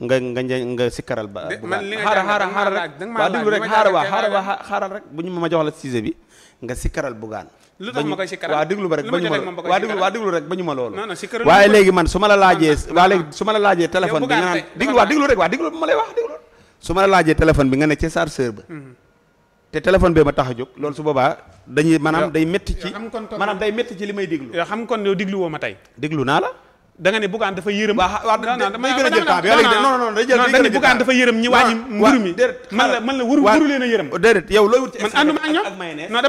nga nga nga sikkaral ba xaaral xaaral xaaral rek waa déglu rek xaaral waa xaaral waa xaaral rek bu ñu ma jox la sujet bi nga sikkaral bugaan lu tax ma koy sikkaral waa déglu ba rek bañu ma waa déglu waa déglu rek bañu ma loolu waaye léegi man su ma la laajee waa léegi su ma la laajee téléphone bi nga naan déglu waa déglu rek ma laajee téléphone bi nga ne ci chargeur ba mhm. te téléphone bee ma tax a jóg loolu su boobaa dañuy maanaam day métti ci maanaam day metti ci li may déglu yow xam kon yow déglu woo ma tey déglu naa la da nga ne Bougane dafa yërëm. waaw a a jël temps dafa yërëm ñi waa ji mburu man la wuru wuru leen a yërëm looy wut ci man man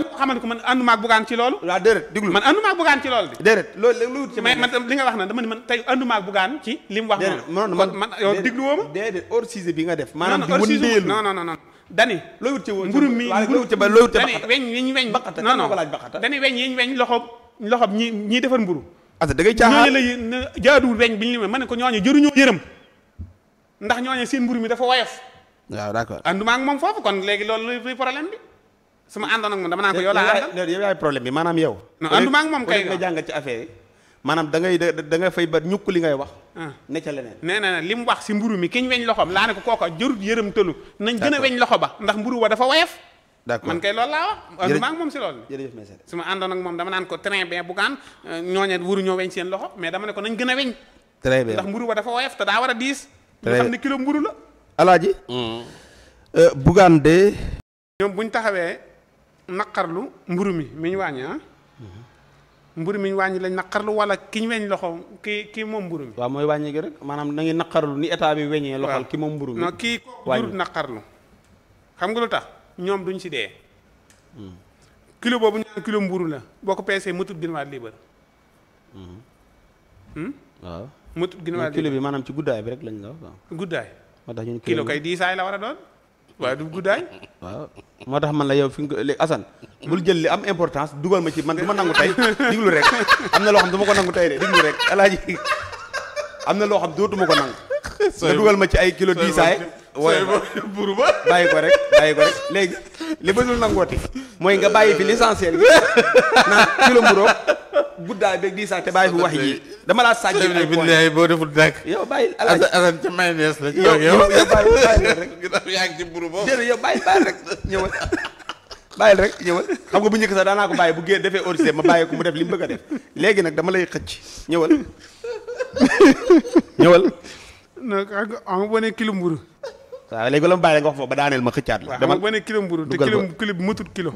ànduma ak Bougane ci loolu waaw déedéet de looy wut ci man li nga wax man tey ànduma ak Bougane ci li mu man yow déglu maanaam di wëndeelu non non non dani looy wut ci woon ci ba dani weñ yiñ weñ loxob loxob ñi defar mburu parce que da ngay caaxaan ñooñu la jaaduwul weñ bi ñu limee ma ne ko ñooñu jëruñoo yërëm ndax ñooñu mburu mi dafa woyof waaw d'accord ànduma ak moom foofu kon léegi loolu luy problème bi su ma àndoon ak moom dama naan ko problème bi maanaam yow non ànduma ak moom kay ci affaire yi maanaam da ngay fay ba ñukk li ngay wax ah. ne ca nee na li mu wax si mburu mi kiñ weñ loxoom laa ne ko kooka jërut yërëm tëlu nañ gën a weñ loxo ba ndax mburu wa dafa woyof d'accord man kay loolu laa wax. jërëjëf maa ngi moom si loolu. su ma àndoon ak moom dama naan ko train bien bu gaan ñooñu wuru ñoo weñ seen loxo mais dama ne ko nañ gën a weñ. très bien ndax mburu ba dafa woyof te daa war a kilo mburu la. alaaji. Mm. Euh, bugaan taxawee naqarlu mburu mi mi ñu wàññi ah. Mm-hmm. mburu mi ñu wàññi lañ naqarlu wala ki ñu weñ loxo ki ki moom mburu mi. waaw mooy wàññi maanaam na ngi ni état bi weñee loxol ki moom mburu mi. non kii naqarlu xam nga lu tax ñoom duñ ci dee. Hmm. kilo boobu ñu naan kilo mburu la boo ko peesee mëtut ginnaar liibar. Hmm. Hmm? waaw mëtut ginnaar liibar kilo bi maanaam ci guddaay bi rek lañ la wax. guddaay. moo tax ñun kilo kay diisaay la war a doon. waaw du guddaay. waaw moo tax man la yow fi nga léegi bul jël li am importance dugal ma ci man du ma nangu tey diglu rek am na loo xam du ma ko nangu tey am na loo xam dootuma ko nangu. nga dugal ma ci ay kilo diisaay. woyee buru ba bàyyi ko rek bàyyi ko rek léegi li ba dul nangooti mooy nga bàyyi fi l'essentiel bi naan kilo mburoog guddaay beeg diisaay te bàyyi fi wax yi dama laa sàcc ay boo deful nag yow bàyyi alaaji asan ca mayonnaise la yow yow bàyyi bàyyi rek yaa bàyyi rek ñëwal bàyyil rek ñëwal xam nga bu njëkk sax daanaa ko bàyyi bu gée defee auditeurs ma bàyyi ko mu def li mu bëgg a def léegi nag dama lay xëcc ñëwal ñëwal nag xam nga boo ne kilo waaw léegi la ma bàyyi la nga ba daaneel ma xëccaat la. dama ba ne kilo mburu te kilo kilo bi matut kilo.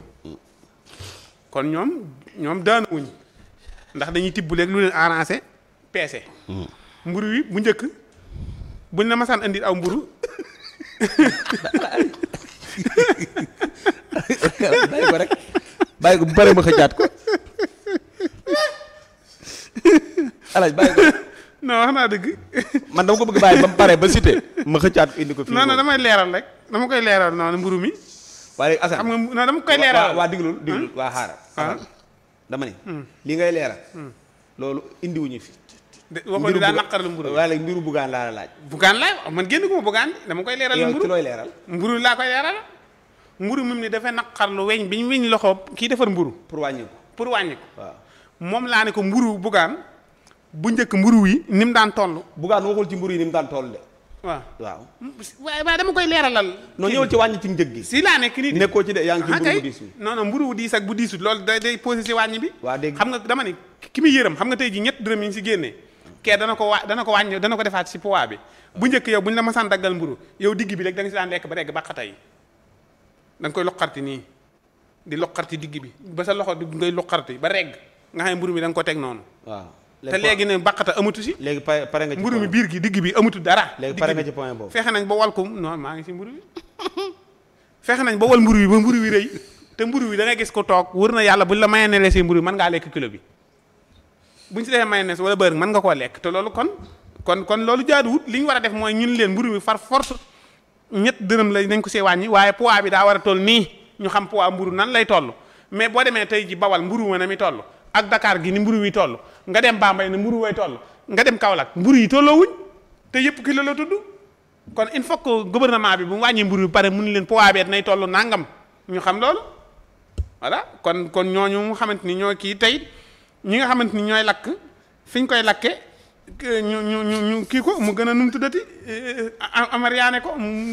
kon ñoom ñoom daanawuñ ndax dañuy tibb léegi lu leen arrangé peese. Hmm. mburu wi bu njëkk buñ la masaan indi aw mburu bàyyi ko rek bàyyi ko bu paree ma xëccaat ko alaaj bàyyi ko. non wax dëgg. man dama ko bëgg bàyyi ba mu pare ba cité ma xëccaat indi ko. fii non damay leeral rek dama koy leeral noonu mburu mi. waaye Assane xam nga non dama koy leeral. waa diglul diglul hmm? waa ah. xaaral. dama ne. Hmm. ngay leeral. Hmm. loolu indiwuñu fi. de waxoon ni daa naqarlu mburu waaye léegi mbiru bugaan laa la laaj. bugaan laa oh, man génn ko ma dama koy leeral. mburu ci looy leeral. mburu laa koy leeral. mburu mi ni dafay naqarlu weñ bi ñu weñ loxo kii defar mburu pour wàññi ko pour wàññi ko. moom laa ne ko mburu bugaan bu njëkk mburu yi ni mu daan toll. bugaan waxul ci mburu yi ni mu daan toll de. waaw waaw. waaye dama koy leeralal. non ñëwal ci wàññi ci njëg gi. si laa nekk nii nekkoo ci de yaa ngi ci ah, mburu bu diis bi. non bi. waa dégg xam nga dama ne ki xam nga tey ji ñett dërëm yi ñu si génnee. kee ko wa dana ko wàññi dana ko defaat si poids bi. bu njëkk yow bu ñu la masaan daggal mburu yow digg bi rek da nga si daan lekk ba regg bàqata yi da koy loqarti nii di loqarti digg bi ba sa loxo di ngay loqarti ba regg nga xam ne mburu mi da ko teg noonu waaw te léegi ne bàqata amatu si léegi pare nga ci mburu mi biir gi digg bi amatu dara léegi pare nga ci point boobu fexe nañ ba wal ko non maa ngi si mburu bi fexe nañ ba wal mburu bi ba mburu bi rey te mburu bi da nga gis ko toog wër na yàlla buñ la mayonnaise si mburu bi man ngaa lekk kilo bi buñ si defee mayonnaise wala bëri mën nga koo lekk te loolu kon kon kon loolu jaaduwut li ñu war a def mooy ñun leen mburu mi far force ñett dërëm la nañ ko see wàññi waaye poids bi daa war a tool nii ñu xam poids mburu nan lay toll mais boo demee tey ji bawal mburu ma na mi toll ak dakaar gi ni mburu wi toll nga dem Bambey ni mburu way toll nga dem Kaolack mburu yi tolloo wuñ te yëpp ki la tudd kon il faut que gouvernement bi bu mu wàññi mburu bi pare mun leen poids beet nay nangam ñu xam loolu voilà kon kon ñooñu mu xamante ni ñoo kii tey ñi nga xamante ni ñooy lakk fi koy lakke ñu kii ko mu gën a num tuddati eh, eh, amariyaane ko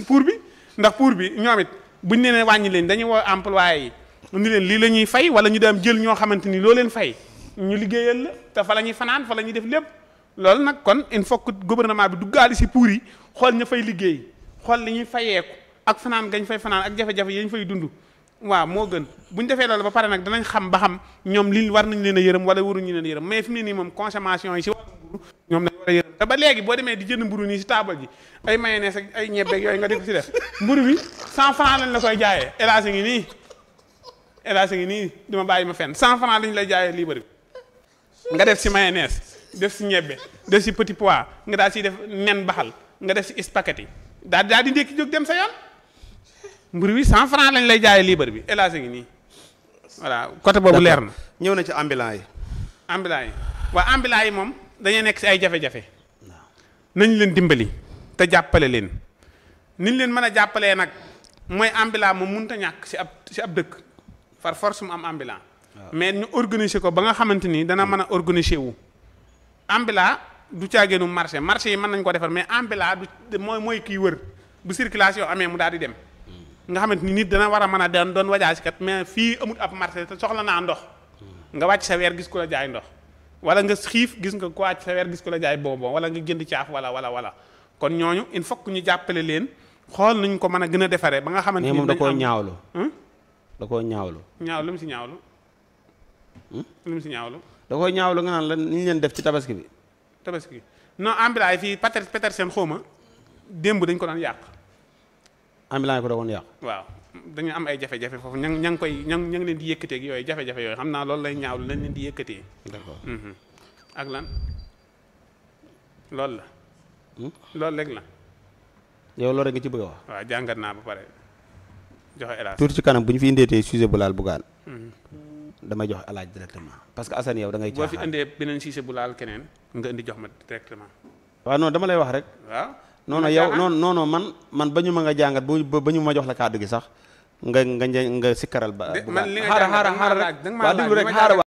pour bi ndax pour bi ñoom it buñ nee ne wàññi leen dañuy woo employé yi ni leen lii la ñuy fay wala ñu daam jël ñoo xamante ni loo leen fay ñu liggéeyal la te fa la ñuy fanaan fa la ñuy def lépp loolu nag kon in faut que gouvernement bi duggaali si pour yi xool ña fay liggéey xool li ñuy fayeeku ak fanaan gañ fay fanaan ak jafe-jafe yi fay dund waaw moo gën bu ñu defee loolu ba pare nag danañ xam ba xam ñoom lii war nañ leen a yërëm wala waruñu leen a yërëm mais fi ne nii moom consommation yi si wàllu mburu ñoom dañ war a léegi boo demee di jënd mburu nii si taabal ji ay mayonnaise ak ay ñebbeeg yooyu nga di si def mburu bi cent franc lañ la koy jaayee nii élage ngi nii duma bàyyi ma fenn cent franc lañ lay jaayee liibar bi nga def si mayonnaise def si ñebbe def si petit pois nga daal si def nen baxal nga def si spaghetti daal daal di ndékki jóg dem sa yoon mburu bi cent franc lañ lay jaayee liibar bi élage ngi nii voilà côté boobu leer na. ñëw na ci ambulant yi. ambulant yi waa ambulant yi moom dañuy nekk si ay jafe-jafe nañ leen dimbali te jàppale leen niñ leen mën a jàppalee nag mooy ambulant moom mënut a ñàkk si ab si ab dëkk. par force mu am ambulant ah. mais ñu organiser ko ba nga xamante ni dana mën a organiser wu ambulant du caageenu marché marché yi mën nañ ko defar mais ambulant du mooy mooy kii wër bu circulation amee mu daal di dem hmm. nga xamante ni nit dana war a mën a doon doon wajaas kat mais fii amut ab marché te soxla naa ndox hmm. nga wàcc sa weer gis ko la jaay ndox wala nga xiif gis nga ko wàcc sa weer gis ku la jaay bonbon wala nga jënd caaf wala wala wala kon ñooñu il faut que ñu jàppale leen xool nañ ko mën a gën a defaree ba nga xamante ni moom da koo ñaawlu hmm? da koo ñaawlu. ñaaw lu mu si ñaawlu. Hmm? lu mu si ñaawlu. da koo ñaawlu nga naan la ni ñu leen def ci tabaski bi. tabaski bi non ay yi fii pater pater seen xaw ma démb dañ ko daan yàq. ambulant yi ko waaw dañu am ay jafe-jafe foofu ña ña koy ñan ña ngi leen di yëkkatee yooyu jafe-jafe yooyu xam naa loolu lay ñaawlu lañ leen di yëkkatee. d'accord mhm. ak lan loolu la. Hmm? loolu rek la. yow loolu rek nga ci bëgg a wax. jàngat naa bu pare. joxe El Hadj tuuti ci kanam bu ñu fi indeetee sujet bu laal Bougane. Hmm. damay jox El directement parce que Assane yow da ngay. caaxaan boo laal keneen nga indi jox ma directement. waaw non dama lay wax rek. waaw non non yow man man ba ñu ma nga jàngat ba ñu ma jox la kàddu gi sax nga nga nga sikkaral ba. man nga jàngat xaaral xaaral rek waaw rek xaaral